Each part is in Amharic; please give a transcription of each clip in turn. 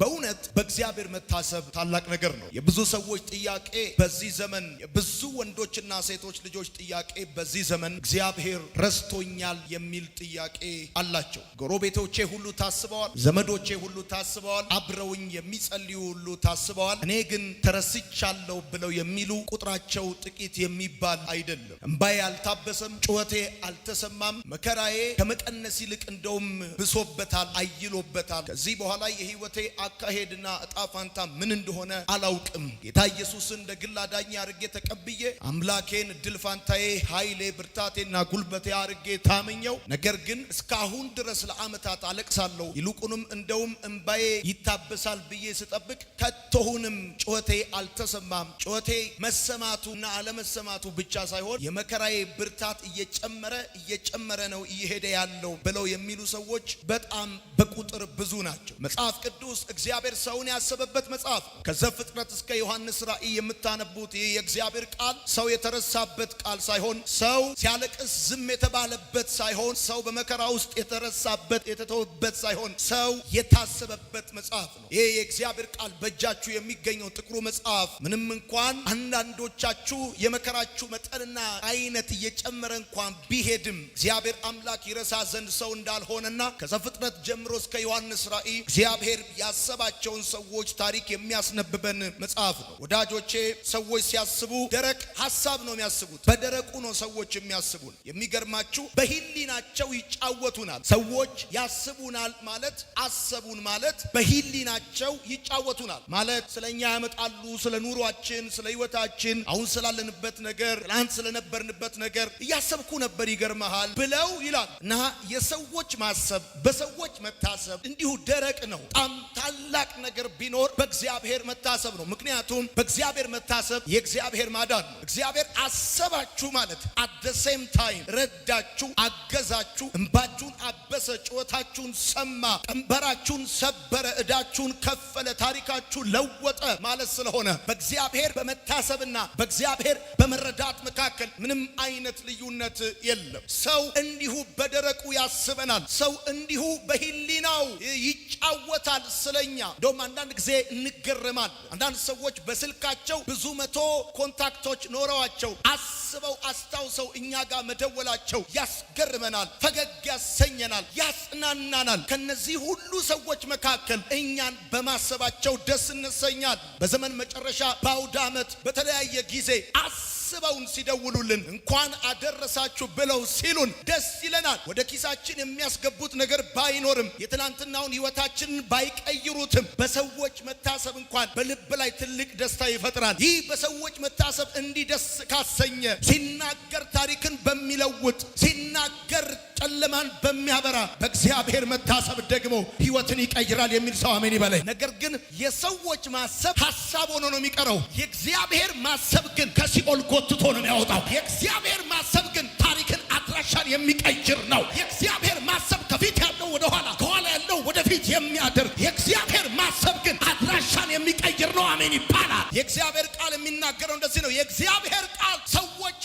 በእውነት በእግዚአብሔር መታሰብ ታላቅ ነገር ነው። የብዙ ሰዎች ጥያቄ በዚህ ዘመን የብዙ ወንዶችና ሴቶች ልጆች ጥያቄ በዚህ ዘመን እግዚአብሔር ረስቶኛል የሚል ጥያቄ አላቸው። ጎረቤቶቼ ሁሉ ታስበዋል፣ ዘመዶቼ ሁሉ ታስበዋል፣ አብረውኝ የሚጸልዩ ሁሉ ታስበዋል። እኔ ግን ተረስቻለሁ ብለው የሚሉ ቁጥራቸው ጥቂት የሚባል አይደለም። እምባዬ አልታበሰም፣ ጩኸቴ አልተሰማም፣ መከራዬ ከመቀነስ ይልቅ እንደውም ብሶበታል፣ አይሎበታል። ከዚህ በኋላ የህይወቴ አካሄድና እጣ ፋንታ ምን እንደሆነ አላውቅም። ጌታ ኢየሱስ እንደ ግል አዳኝ አርጌ ተቀብዬ አምላኬን እድል ፋንታዬ፣ ኃይሌ፣ ብርታቴና ጉልበቴ አርጌ ታመኘው። ነገር ግን እስካሁን ድረስ ለዓመታት አለቅሳለሁ፣ ይልቁንም እንደውም እምባዬ ይታበሳል ብዬ ስጠብቅ ከቶሁንም ጩኸቴ አልተሰማም። ጩኸቴ መሰማቱና አለመሰማቱ ብቻ ሳይሆን የመከራዬ ብርታት እየጨመረ እየጨመረ ነው እየሄደ ያለው ብለው የሚሉ ሰዎች በጣም በቁጥር ብዙ ናቸው። መጽሐፍ ቅዱስ እግዚአብሔር ሰውን ያሰበበት መጽሐፍ ከዘፍጥረት እስከ ዮሐንስ ራእይ የምታነቡት ይህ የእግዚአብሔር ቃል ሰው የተረሳበት ቃል ሳይሆን ሰው ሲያለቅስ ዝም የተባለበት ሳይሆን ሰው በመከራ ውስጥ የተረሳበት የተተወበት ሳይሆን ሰው የታሰበበት መጽሐፍ ነው። ይህ የእግዚአብሔር ቃል በእጃችሁ የሚገኘው ጥቁሩ መጽሐፍ ምንም እንኳን አንዳንዶቻችሁ የመከራችሁ መጠንና አይነት እየጨመረ እንኳን ቢሄድም እግዚአብሔር አምላክ ይረሳ ዘንድ ሰው እንዳልሆነና ከዘፍጥረት ጀምሮ እስከ ዮሐንስ ራእይ እግዚአብሔር ያስ ያሰባቸውን ሰዎች ታሪክ የሚያስነብበን መጽሐፍ ነው። ወዳጆቼ ሰዎች ሲያስቡ ደረቅ ሀሳብ ነው የሚያስቡት። በደረቁ ነው ሰዎች የሚያስቡን። የሚገርማችሁ በሂሊናቸው ይጫወቱናል። ሰዎች ያስቡናል ማለት አሰቡን ማለት በሂሊናቸው ይጫወቱናል ማለት ስለኛ ያመጣሉ። ስለ ኑሯችን፣ ስለ ህይወታችን፣ አሁን ስላለንበት ነገር፣ ትላንት ስለነበርንበት ነገር እያሰብኩ ነበር ይገርመሃል ብለው ይላል እና የሰዎች ማሰብ በሰዎች መታሰብ እንዲሁ ደረቅ ነው ጣም ታላቅ ነገር ቢኖር በእግዚአብሔር መታሰብ ነው። ምክንያቱም በእግዚአብሔር መታሰብ የእግዚአብሔር ማዳን ነው። እግዚአብሔር አሰባችሁ ማለት አደሴም ታይም ረዳችሁ፣ አገዛችሁ፣ እንባችሁን አበሰ፣ ጩኸታችሁን ሰማ፣ ቀንበራችሁን ሰበረ፣ እዳችሁን ከፈለ፣ ታሪካችሁ ለወጠ ማለት ስለሆነ በእግዚአብሔር በመታሰብና በእግዚአብሔር በመረዳት መካከል ምንም አይነት ልዩነት የለም። ሰው እንዲሁ በደረቁ ያስበናል። ሰው እንዲሁ በህሊናው ይጫወታል ስለ ሱሰኛ እንደውም አንዳንድ ጊዜ እንገረማል። አንዳንድ ሰዎች በስልካቸው ብዙ መቶ ኮንታክቶች ኖረዋቸው አስበው አስታውሰው እኛ ጋር መደወላቸው ያስገርመናል፣ ፈገግ ያሰኘናል፣ ያጽናናናል። ከነዚህ ሁሉ ሰዎች መካከል እኛን በማሰባቸው ደስ እንሰኛል። በዘመን መጨረሻ በአውድ ዓመት በተለያየ ጊዜ አስ አስበውን ሲደውሉልን እንኳን አደረሳችሁ ብለው ሲሉን ደስ ይለናል። ወደ ኪሳችን የሚያስገቡት ነገር ባይኖርም የትናንትናውን ሕይወታችንን ባይቀይሩትም በሰዎች መታሰብ እንኳን በልብ ላይ ትልቅ ደስታ ይፈጥራል። ይህ በሰዎች መታሰብ እንዲደስ ካሰኘ ሲናገር ታሪክን በሚለውጥ ሲናገር ጨለማን በሚያበራ በእግዚአብሔር መታሰብ ደግሞ ህይወትን ይቀይራል የሚል ሰው አሜን ይበለኝ። ነገር ግን የሰዎች ማሰብ ሀሳብ ሆኖ ነው የሚቀረው። የእግዚአብሔር ማሰብ ግን ከሲኦል ጎትቶ ነው የሚያወጣው። የእግዚአብሔር ማሰብ ግን ታሪክን አድራሻን የሚቀይር ነው። የእግዚአብሔር ማሰብ ከፊት ያለው ወደ ኋላ፣ ከኋላ ያለው ወደፊት የሚያደርግ የእግዚአብሔር ማሰብ ግን አድራሻን የሚቀይር ነው። አሜን ይባላል። የእግዚአብሔር ቃል የሚናገረው እንደዚህ ነው። የእግዚአብሔር ቃል ሰዎች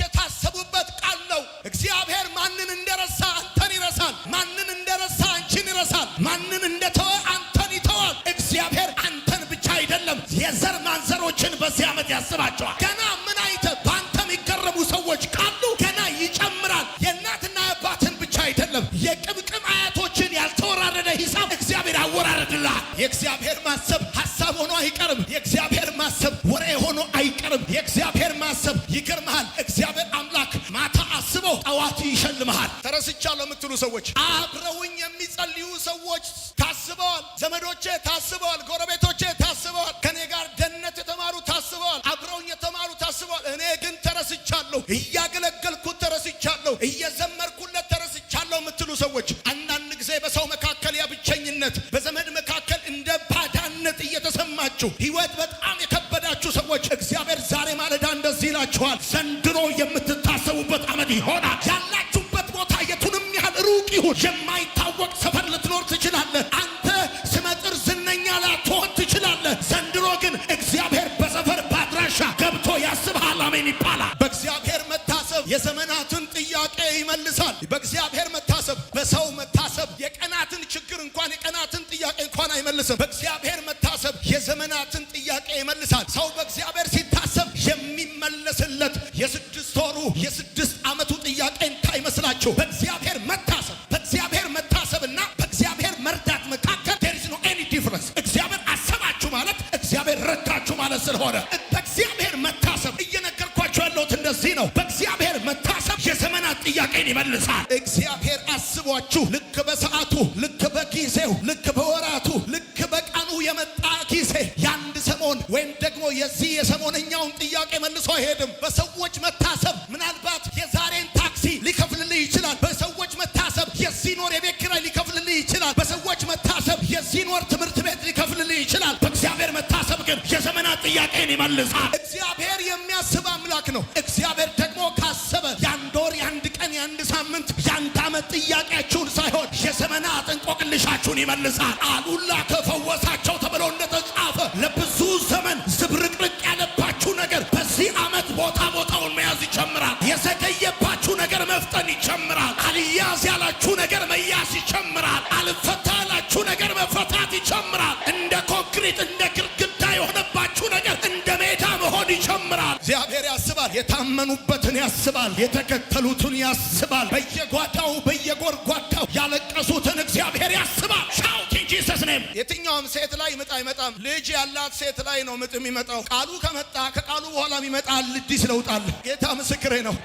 የዘር ማንዘሮችን በዚህ ዓመት ያስባቸዋል። የምትሉ ሰዎች አንዳንድ ጊዜ በሰው መካከል ብቸኝነት በዘመድ መካከል እንደ ባዳነት እየተሰማችሁ ህይወት የዚህን ወር የቤት ኪራይ ሊከፍልልህ ይችላል። በሰዎች መታሰብ የዚህን ወር ትምህርት ቤት ሊከፍልልህ ይችላል። በእግዚአብሔር መታሰብ ግን የዘመናት ጥያቄን ይመልሳል። እግዚአብሔር የሚያስብ አምላክ ነው። እግዚአብሔር ደግሞ ካሰበ የአንድ ወር፣ የአንድ ቀን፣ የአንድ ሳምንት፣ የአንድ ዓመት ጥያቄያችሁን ሳይሆን የዘመናት እንቆቅልሻችሁን ይመልሳል። አሉላ ከፈወሳቸው ተብሎ እንደተጻፈ ለብዙ ዘመን ዝብርቅርቅ ያለባችሁ ነገር በዚህ ዓመት ቦታ ቦታውን መያዝ ይጀምራል። የዘገየባችሁ ነገር መፍጠን ይጀምራል። አልፈታላችሁ ነገር መፈታት ይጀምራል። እንደ ኮንክሪት እንደ ግድግዳ የሆነባችሁ ነገር እንደ ሜዳ መሆን ይጀምራል። እግዚአብሔር ያስባል፣ የታመኑበትን ያስባል፣ የተከተሉትን ያስባል። በየጓዳው በየጎርጓዳው ያለቀሱትን እግዚአብሔር ያስባል። አይሆንም። የትኛውም ሴት ላይ ምጥ አይመጣም። ልጅ ያላት ሴት ላይ ነው ምጥ የሚመጣው። ቃሉ ከመጣ ከቃሉ በኋላ የሚመጣ አዲስ ለውጥ አለ። ጌታ ምስክሬ ነው።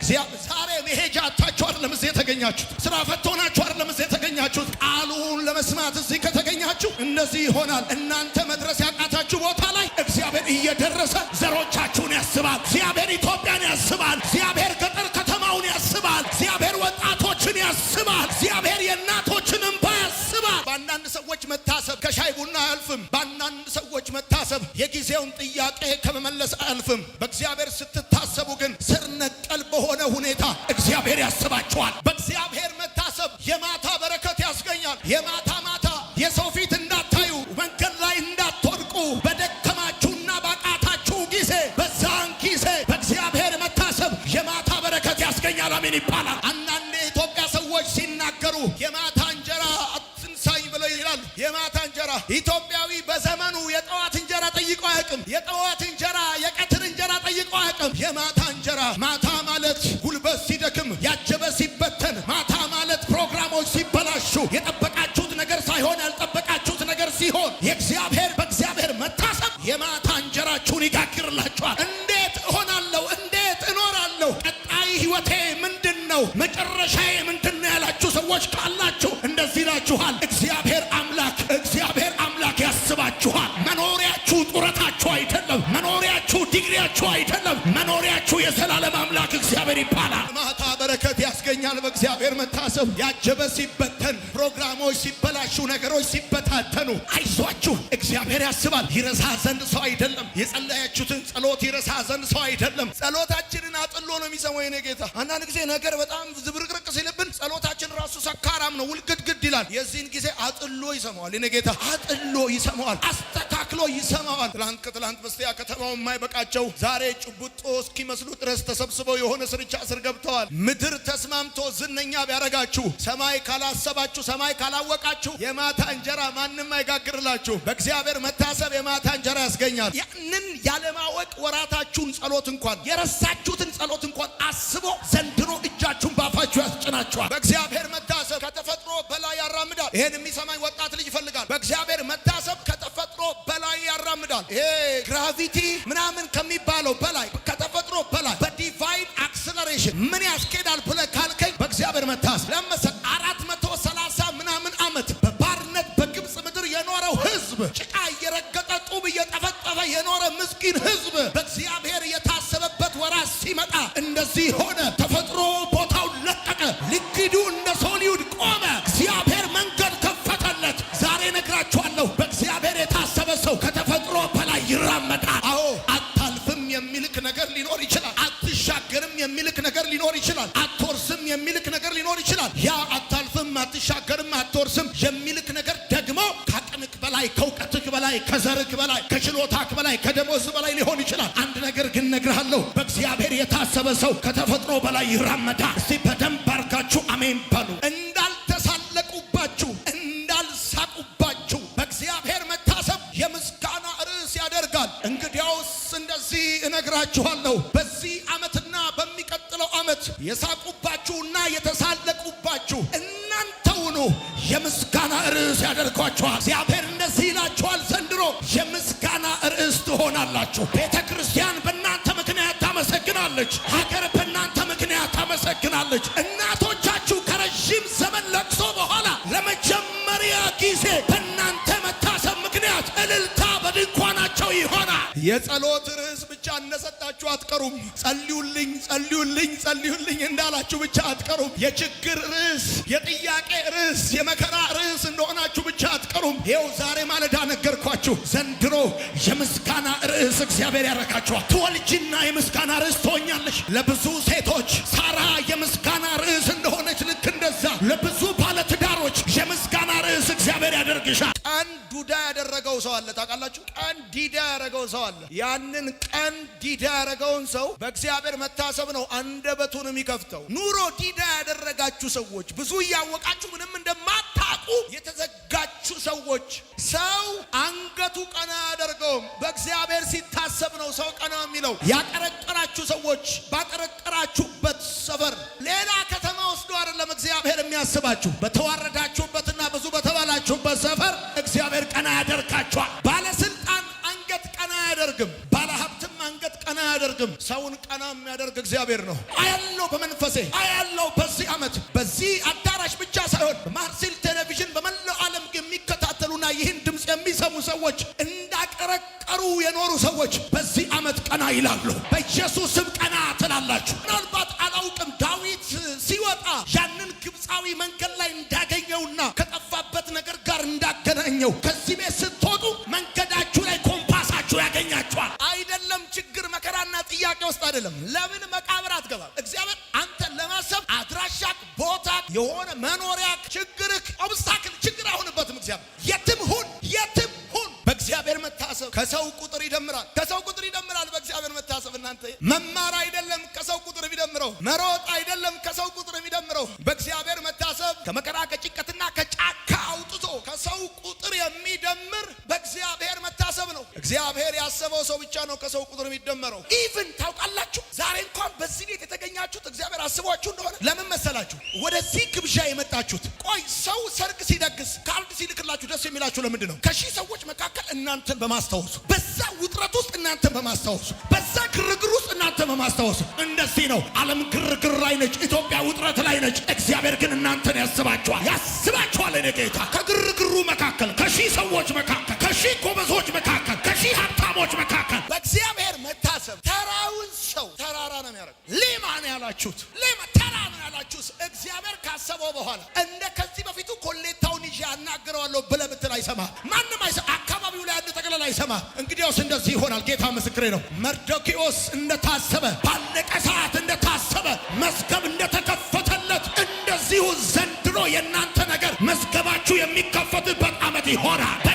ዛሬ መሄጃ አታችሁ አይደለም እዚህ የተገኛችሁት። ስራ ፈቶናችሁ ሆናችሁ አይደለም እዚህ የተገኛችሁት። ቃሉን ለመስማት እዚህ ከተገኛችሁ እንደዚህ ይሆናል። እናንተ መድረስ ያቃታችሁ ቦታ ላይ እግዚአብሔር እየደረሰ ዘሮቻችሁን ያስባል። እግዚአብሔር ኢትዮጵያን ያስባል። እግዚአብሔር ገጠር ከተማውን ያስባል። እግዚአብሔር ወጣቶችን ያስባል። እግዚአብሔር የእናቶችን እንባ ያስባል። በአንዳንድ ሰዎች መታ የጊዜውን ጥያቄ ከመመለስ አያልፍም። በእግዚአብሔር ስት ሲያቀርብ የማታ እንጀራ ማታ ማለት ጉልበት ሲደክም ያጀበ ሲበተን ማታ ማለት ፕሮግራሞች ሲበላሹ የጠበቃችሁት ነገር ሳይሆን ያልጠበቃችሁት ነገር ሲሆን የእግዚአብሔር በእግዚአብሔር መታሰብ የማታ እንጀራችሁን ይጋግርላችኋል። እንዴት እሆናለሁ? እንዴት እኖራለሁ? ቀጣይ ህይወቴ ምንድን ነው? መጨረሻዬ ምንድን ነው ያላችሁ ሰዎች ካላችሁ እንደዚህ ይላችኋል? መኖሪያችሁ አይደለም። መኖሪያችሁ የዘላለም አምላክ እግዚአብሔር ይባላል። ማታ በረከት ያስገኛል። በእግዚአብሔር መታሰብ ያጀበ ሲበተን፣ ፕሮግራሞች ሲበላሹ፣ ነገሮች ሲበታተኑ፣ አይዟችሁ እግዚአብሔር ያስባል። ይረሳ ዘንድ ሰው አይደለም። የጸለያችሁትን ጸሎት ይረሳ ዘንድ ሰው አይደለም። ጸሎታችንን አጥሎ ነው የሚሰማው የኔ ጌታ። አንዳንድ ጊዜ ነገር በጣም ዝብርቅርቅ ሲልብን ጸሎታችን ራሱ ሰካራም ነው፣ ውልግድግድ ይላል። የዚህን ጊዜ አጥሎ ይሰማዋል የኔ ጌታ፣ አጥሎ ይሰማዋል። ተክሎ ይሰማዋል። ትላንት ከትላንት በስቲያ ከተማው የማይበቃቸው ዛሬ ጭቡጦ እስኪመስሉ ድረስ ተሰብስበው የሆነ ስርቻ ስር ገብተዋል። ምድር ተስማምቶ ዝነኛ ቢያደርጋችሁ ሰማይ ካላሰባችሁ፣ ሰማይ ካላወቃችሁ የማታ እንጀራ ማንም አይጋግርላችሁ። በእግዚአብሔር መታሰብ የማታ እንጀራ ያስገኛል። ያንን ያለማወቅ ወራታችሁን ጸሎት እንኳን የረሳችሁትን ጸሎት እንኳን አስቦ ዘንድሮ እጃችሁን ባፋችሁ ያስጭናችኋል። በእግዚአብሔር መታሰብ ከተፈጥሮ በላይ ያራምዳል። ይሄን የሚሰማኝ ይወጣል። ግራቪቲ ምናምን ከሚባለው በላይ ከተፈጥሮ በላይ በዲቫይን አክሰለሬሽን ምን ያስኬዳል ብለ ካልከኝ በእግዚአብሔር መታስ ለመሰል አራት መቶ ሰላሳ ምናምን ዓመት በባርነት በግብፅ ምድር የኖረው ህዝብ ጭቃ እየረገጠ ጡብ እየጠፈጠፈ የኖረ ምስኪን ህዝብ በእግዚአብሔር የታሰበበት ወራት ሲመጣ እንደዚህ ሆነ። ይችላል። አትወርስም የሚልክ ነገር ሊኖር ይችላል። ያ አታልፍም፣ አትሻገርም፣ አትወርስም የሚልክ ነገር ደግሞ ከአቅምክ በላይ ከእውቀትክ በላይ ከዘርክ በላይ ከችሎታክ በላይ ከደሞዝ በላይ ሊሆን ይችላል። አንድ ነገር ግን ነግርሃለሁ፣ በእግዚአብሔር የታሰበ ሰው ከተፈጥሮ በላይ ይራመዳ። እስቲ በደንብ አርጋችሁ አሜን በሉ። ጩኸት የሳቁባችሁና የተሳለቁባችሁ እናንተውኑ የምስጋና ርዕስ ያደርጓችኋል። እግዚአብሔር እንደዚህ ይላችኋል፣ ዘንድሮ የምስጋና ርዕስ ትሆናላችሁ። ቤተ ክርስቲያን በእናንተ ምክንያት ታመሰግናለች። ሀገር በእናንተ ምክንያት ታመሰግናለች። እናቶቻችሁ ከረዥም ዘመን ለቅሶ በኋላ ለመጀመሪያ ጊዜ በእናንተ መታሰብ ምክንያት እልልታ በድንኳናቸው ይሆናል። የጸሎት ርዕስ እንዳላችሁ አትቀሩም። ጸልዩልኝ፣ ጸልዩልኝ፣ ጸልዩልኝ እንዳላችሁ ብቻ አትቀሩም። የችግር ርዕስ፣ የጥያቄ ርዕስ፣ የመከራ ርዕስ እንደሆናችሁ ብቻ አትቀሩም። ይኸው ዛሬ ማለዳ ነገርኳችሁ። ዘንድሮ የምስጋና ርዕስ እግዚአብሔር ያረካችኋል። ትወልጅና የምስጋና ርዕስ ትሆኛለሽ። ለብዙ ሴቶች ሳራ የምስጋና ርዕስ እንደሆነች ልክ እንደዛ ለብዙ ባለትዳሮች የምስጋና ርዕስ እግዚአብሔር ያደርግሻል። ቀን ዱዳ ያደረገው ሰው አለ ታውቃላችሁ። ቀን ዲዳ ያደረገው ሰው አለ። ያንን ቀን ዲዳ ያደረገውን ሰው በእግዚአብሔር መታሰብ ነው አንደበቱን የሚከፍተው። ኑሮ ዲዳ ያደረጋችሁ ሰዎች፣ ብዙ እያወቃችሁ ምንም እንደማታውቁ የተዘጋችሁ ሰዎች፣ ሰው አንገቱ ቀና ያደርገውም። በእግዚአብሔር ሲታሰብ ነው ሰው ቀና የሚለው። ያቀረቀራችሁ ሰዎች ባቀረቀራችሁበት ሰፈር ሌላ ከተማ ወስዶ አይደለም እግዚአብሔር የሚያስባችሁ በተዋረዳችሁ የሚያደርግ እግዚአብሔር ነው። አያለው በመንፈሴ አያለው። በዚህ ዓመት በዚህ አዳራሽ ብቻ ሳይሆን በማርሴል ቴሌቪዥን በመላው ዓለም የሚከታተሉና ይህን ድምፅ የሚሰሙ ሰዎች እንዳቀረቀሩ የኖሩ ሰዎች በዚህ ዓመት ቀና ይላሉ። በኢየሱስም ቀና ትላላችሁ። ምናልባት አላውቅም፣ ዳዊት ሲወጣ ያንን ግብፃዊ መንገድ ላይ እንዳገኘውና ከጠፋበት ነገር ጋር እንዳገናኘው ከዚህ ቤት ውስጥ አይደለም። ለምን መቃብር አትገባም? እግዚአብሔር አንተን ለማሰብ አድራሻክ፣ ቦታ፣ የሆነ መኖሪያ፣ ችግርክ፣ ኦብስታክል ችግር አሁንበትም እግዚአብሔር የትም ሁን የትም ሁን በእግዚአብሔር መታሰብ ከሰው ቁጥር ይደምራል። ከሰው ቁጥር ይደምራል። በእግዚአብሔር መታሰብ እናንተ መማር አይደለም ከሰው ቁጥር ቢደምረው መሮጥ አይደለም ከሰው ቁጥር ሰው ብቻ ነው ከሰው ቁጥር የሚደመረው። ኢቭን ታውቃላችሁ ዛሬ እንኳን ያላችሁት እግዚአብሔር አስቧችሁ እንደሆነ ለምን መሰላችሁ ወደዚህ ግብዣ የመጣችሁት? ቆይ ሰው ሰርግ ሲደግስ ካርድ ሲልክላችሁ ደስ የሚላችሁ ለምንድን ነው? ከሺህ ሰዎች መካከል እናንተን በማስታወሱ፣ በዛ ውጥረት ውስጥ እናንተን በማስታወሱ፣ በዛ ግርግር ውስጥ እናንተን በማስታወሱ። እንደዚህ ነው ዓለም ግርግር ላይ ነች፣ ኢትዮጵያ ውጥረት ላይ ነች። እግዚአብሔር ግን እናንተን ያስባችኋል፣ ያስባችኋል። እኔ ጌታ ከግርግሩ መካከል ከሺህ ሰዎች መካከል ከሺህ ጎበዞች መካከል ከሺህ ሀብታሞች መካከል በእግዚአብሔር መታሰብ ተራውን ሰው ተራራ ነው የሚያደርገው ሌማ ያለ ያላችሁት? ለምን ተራ ነው ያላችሁት? እግዚአብሔር ካሰበው በኋላ እንደ ከዚህ በፊቱ ኮሌታውን ይዤ አናግረዋለሁ ብለህ ብትል አይሰማህ፣ ማንም አካባቢው ላይ ያለ ጠቅላላ አይሰማህ። እንግዲያውስ እንደዚህ ይሆናል። ጌታ ምስክሬ ነው። መርዶኪዎስ እንደታሰበ ባለቀ ሰዓት እንደታሰበ መዝገብ እንደተከፈተለት እንደዚሁ ዘንድሮ የእናንተ ነገር መዝገባችሁ የሚከፈትበት ዓመት ይሆናል።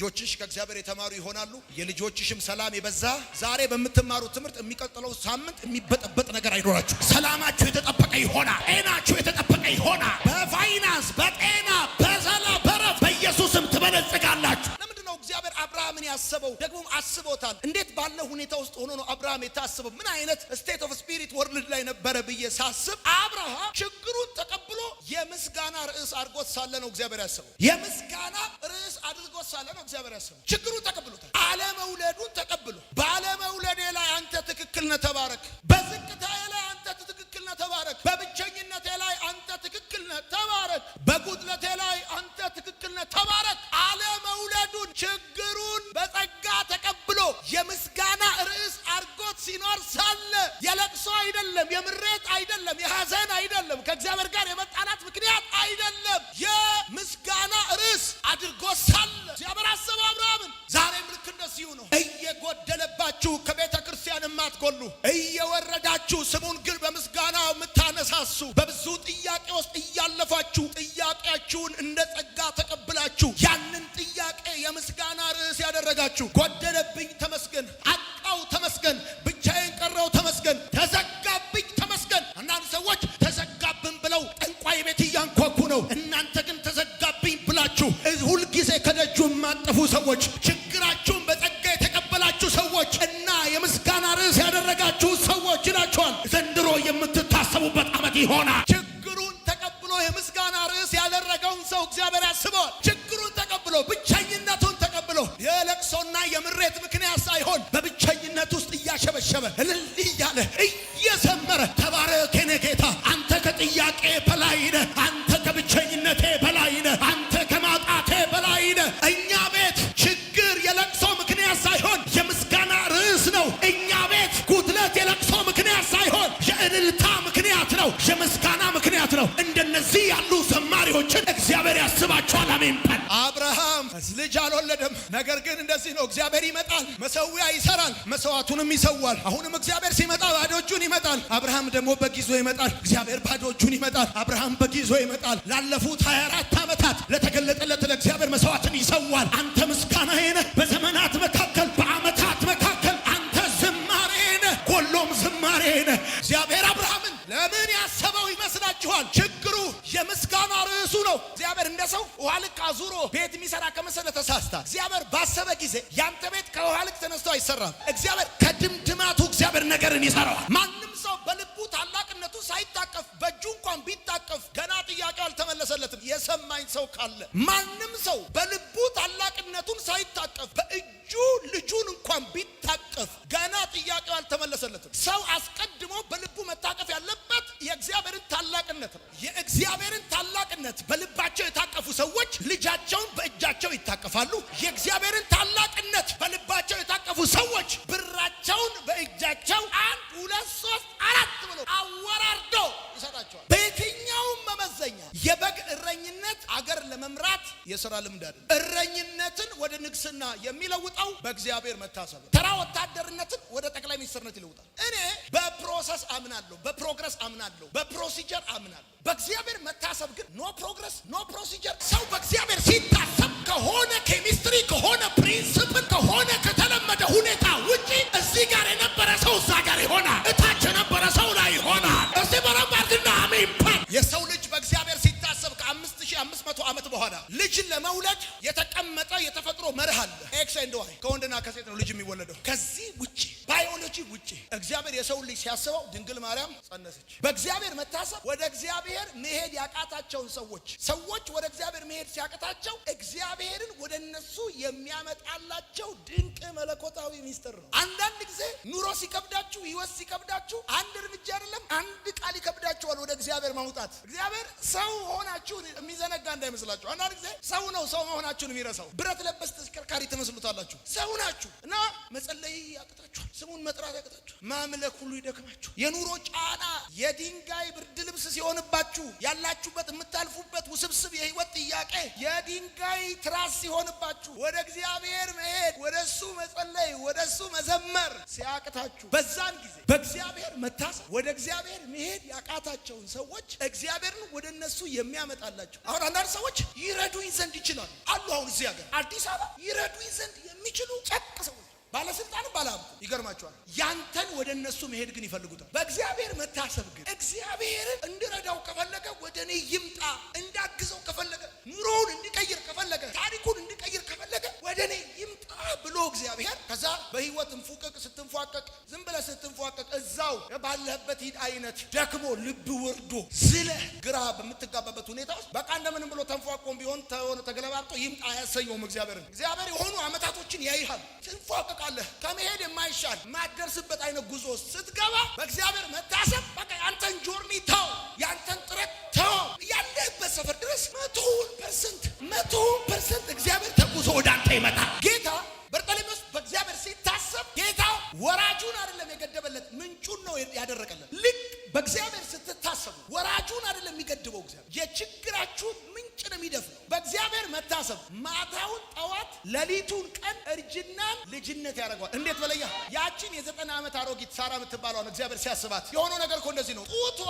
ልጆችሽ ከእግዚአብሔር የተማሩ ይሆናሉ። የልጆችሽም ሰላም የበዛ ዛሬ በምትማሩ ትምህርት የሚቀጥለው ሳምንት የሚበጠበጥ ነገር አይኖራችሁ። ሰላማችሁ የተጠበቀ ይሆና ጤናችሁ የተጠበቀ ይሆና በፋይናንስ በጤና በሰላም በረፍ በኢየሱስም ትበለጽጋላችሁ። ለምንድን ነው እግዚአብሔር አብርሃምን ያሰበው? ደግሞም አስቦታል። እንዴት ባለ ሁኔታ ውስጥ ሆኖ ነው አብርሃም የታስበው? ምን አይነት ስቴት ኦፍ ስፒሪት ወርልድ ላይ ነበረ ብዬ ሳስብ አብርሃም ችግሩን ተቀ የምስጋና ርዕስ አድርጎት ሳለ ነው እግዚአብሔር ያሰበው። የምስጋና ርዕስ አድርጎት ሳለ ነው እግዚአብሔር ያሰበው። ችግሩን ተቀብሎታል። አለመውለዱን ተቀብሎ ባለመውለዴ ላይ አንተ ትክክል ነህ ተባረክ። በዝቅታዬ ላይ አንተ ትክክል ነህ ተባረክ። በብቸኝነቴ ላይ አንተ ትክክል ነህ ተባረክ። በጉድለቴ ላይ አንተ ትክክል ነህ ተባረክ። አለመውለዱን ችግሩን በጸጋ ተቀብሎ የምስጋና ርዕስ አድርጎ ሲኖር ሳለ የለቅሶ አይደለም፣ የምሬት አይደለም፣ የሐዘን አይደለም፣ ከእግዚአብሔር ጋር የመጣላት ምክንያት አይደለም። የምስጋና ርዕስ አድርጎ ሳለ እግዚአብሔር አሰበው አብርሃምን። ዛሬም ልክ እንደዚሁ ነው። እየጎደለባችሁ ከቤተ ክርስቲያን የማትጎሉ እየወረዳችሁ ስሙን ግን በምስጋና የምታነሳሱ በብዙ ጥያቄ ውስጥ እያለፋችሁ ጥያቄያችሁን ይገርማቸዋል። ዘንድሮ የምትታሰቡበት ዓመት ይሆናል። ችግሩን ተቀብሎ የምስጋና ርዕስ ያደረገውን ሰው እግዚአብሔር ያስበዋል። ችግሩን ተቀብሎ ብቸኝነቱን ተቀብሎ የለቅሶና የምሬት ምክንያት ሳይሆን በብቸኝነት ውስጥ እያሸበሸበ እልል እያለ እየዘመረ ተባረክ የኔ ጌታ አንተ ከጥያቄ በላይ ነህ ልጆቿን አሜን በል። አብርሃም ልጅ አልወለደም። ነገር ግን እንደዚህ ነው፣ እግዚአብሔር ይመጣል፣ መሰዊያ ይሰራል፣ መስዋዕቱንም ይሰዋል። አሁንም እግዚአብሔር ሲመጣ ባዶ እጁን ይመጣል። አብርሃም ደግሞ በጊዞ ይመጣል። እግዚአብሔር ባዶ እጁን ይመጣል። አብርሃም በጊዞ ይመጣል። ላለፉት 24 ዓመታት ለተገለጠለት ለእግዚአብሔር መስዋዕትን ይሰዋል። አንተ ምስጋና ሄነ በዘመናት መካከል በአመታት መካከል አንተ ዝማሬ ሄነ ጎሎም ዝማሬ ሄነ እግዚአብሔር አብርሃም ለምን ያሰበው ይመስላችኋል? ችግሩ የምስጋና ርዕሱ ነው። እግዚአብሔር እንደ ሰው ውሃ ልክ አዙሮ ቤት የሚሰራ ከመሰለ ሳስታ እግዚአብሔር ባሰበ ጊዜ ያንተ ቤት ከውሃ ልክ ተነስቶ አይሰራም። እግዚአብሔር ከድምድማቱ እግዚአብሔር ነገርን ይሰራዋል። ማንም ሰው በልቡ ታላቅነቱ ሳይታቀፍ በእጁ እንኳን ቢታቀፍ ገና ጥያቄው አልተመለሰለትም። የሰማኝ ሰው ካለ ማንም ሰው በል ነትን ወደ ንግስና የሚለውጠው በእግዚአብሔር መታሰብ ተራ ወታደርነትን ወደ ጠቅላይ ሚኒስትርነት ይለውጣል። እኔ በፕሮሰስ አምናለሁ፣ በፕሮግረስ አምናለሁ፣ በፕሮሲጀር አምናለሁ። በእግዚአብሔር መታሰብ ግን ኖ ፕሮግረስ ኖ ፕሮሲጀር። ሰው በእግዚአብሔር ሲታሰብ ከሆነ ኬሚስትሪ ከሆነ ፕሪንስፕል ከሆነ ከተለመደ ሁኔታ ውጪ እዚህ ጋር የነበረ ሰው እዛ ጋር ይሆናል፣ እታች የነበረ ሰው ላይ ይሆናል። እስቲ በረባርድና አሜን ከ5500 ዓመት በኋላ ልጅን ለመውለድ የተቀመጠ የተፈጥሮ መርህ አለ። ኤክስ ኤንድ ዋይ ከወንድና ከሴት ነው ልጅ የሚወለደው። ከዚህ ውጪ ባዮሎጂ ውጪ እግዚአብሔር የሰውን ልጅ ሲያስበው ድንግል ማርያም ጸነሰች። በእግዚአብሔር መታሰብ ወደ እግዚአብሔር መሄድ ያቃታቸውን ሰዎች ሰዎች ወደ እግዚአብሔር መሄድ ሲያቃታቸው እግዚአብሔርን ወደ እነሱ የሚያመጣላቸው ድንቅ መለኮታዊ ሚስጥር ነው። አንዳንድ ጊዜ ኑሮ ሲከብዳችሁ፣ ህይወት ሲከብዳችሁ አንድ እርምጃ አይደለም አንድ ቃል ይከብዳችኋል ወደ እግዚአብሔር ማውጣት እግዚአብሔር ሰው ሆናችሁ የሚዘነጋ እንዳይመስላችሁ። አንዳንድ ጊዜ ሰው ነው ሰው መሆናችሁን የሚረሳው። ብረት ለበስ ተሽከርካሪ ትመስሉታላችሁ፣ ሰው ናችሁ እና መጸለይ ያቅታችኋል፣ ስሙን መጥራት ያቅታችኋል፣ ማምለክ ሁሉ ይደክማችሁ። የኑሮ ጫና የድንጋይ ብርድ ልብስ ሲሆንባችሁ ያላችሁበት የምታልፉበት ውስብስብ የህይወት ጥያቄ የድንጋይ ትራስ ሲሆንባችሁ ወደ እግዚአብሔር መሄድ፣ ወደ እሱ መጸለይ፣ ወደ እሱ መዘመር ሲያቅታችሁ በዛን ጊዜ በእግዚአብሔር መታሰብ፣ ወደ እግዚአብሔር መሄድ ያቃታቸውን ሰዎች እግዚአብሔርን ወደ እነሱ የሚያመጣ ታውቃላችሁ። አሁን አንዳንድ ሰዎች ይረዱኝ ዘንድ ይችላሉ አሉ። አሁን እዚህ ሀገር አዲስ አበባ ይረዱኝ ዘንድ የሚችሉ ጨቅ ሰዎች ባለስልጣንም ባለሀብቱ ይገርማቸዋል። ያንተን ወደ እነሱ መሄድ ግን ይፈልጉታል። በእግዚአብሔር መታሰብ ግን እግዚአብሔርን እንድረዳው ከፈለገ ወደ እኔ ይምጣ። እንዳግዘው ከፈለገ ኑሮውን እንዲቀይር ከፈለገ ታሪኩን እንዲቀይር ከፈለገ ወደ እኔ ይምጣ ብሎ እግዚአብሔር ከዛ በህይወት እንፉቅቅ ስትንፏቀቅ ዝም ብለህ ስትንፏቀቅ እዛው ባለህበት ሂድ አይነት ደክሞ ልብ ወርዶ ዝለህ ግራ በምትጋባበት ሁኔታ ውስጥ በቃ እንደምንም ብሎ ተንፏቆም ቢሆን ተሆነ ተገለባብጦ ይምጣ አያሰኘውም እግዚአብሔርን። እግዚአብሔር የሆኑ አመታቶችን ያይሃል። ትንፏቀቃለህ። ከመሄድ የማይሻል ማደርስበት አይነት ጉዞ ስትገባ በእግዚአብሔር መታሰብ በቃ የአንተን ጆርኒ ተው፣ የአንተን ጥረት ተው። ያለህበት ሰፈር ድረስ መቶውን ፐርሰንት መቶውን ፐርሰንት እግዚአብሔር ተጉዞ ወደ አንተ ይመጣል። ጌታ በርጠሌሜዎስ በእግዚአብሔር ሲታሰብ ጌታ ወራጁን አይደለም የገደበለት ምንጩን ነው ያደረቀለት ልክ በእግዚአብሔር ስትታሰቡ ወራጁን አይደለም የሚገድበው እግዚአብሔር፣ የችግራችሁን ምንጭ ነው የሚደፍነው። በእግዚአብሔር መታሰብ ማታውን ጠዋት፣ ሌሊቱን ቀን፣ እርጅናን ልጅነት ያደርገዋል። እንዴት በለያ ያችን የዘጠና ዓመት አሮጊት ሳራ የምትባለዋን እግዚአብሔር ሲያስባት የሆነው ነገር እኮ እንደዚህ ነው። ጡቷ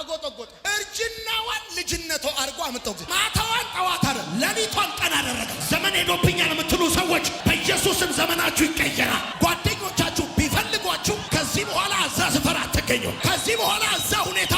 አጎጠጎጠ፣ እርጅናዋን ልጅነቷ አድርጎ አመጣው። ጊዜ ማታዋን ጠዋት አደ ሌሊቷን ቀን አደረገ። ዘመን ሄዶብኛል የምትሉ ሰዎች በኢየሱስም ዘመናችሁ ይቀየራል። ጓደኞቻችሁ ቢፈልጓችሁ ከዚህ በኋላ አዛ ስፈራት የምታገኘው። ከዚህ በኋላ እዛ ሁኔታ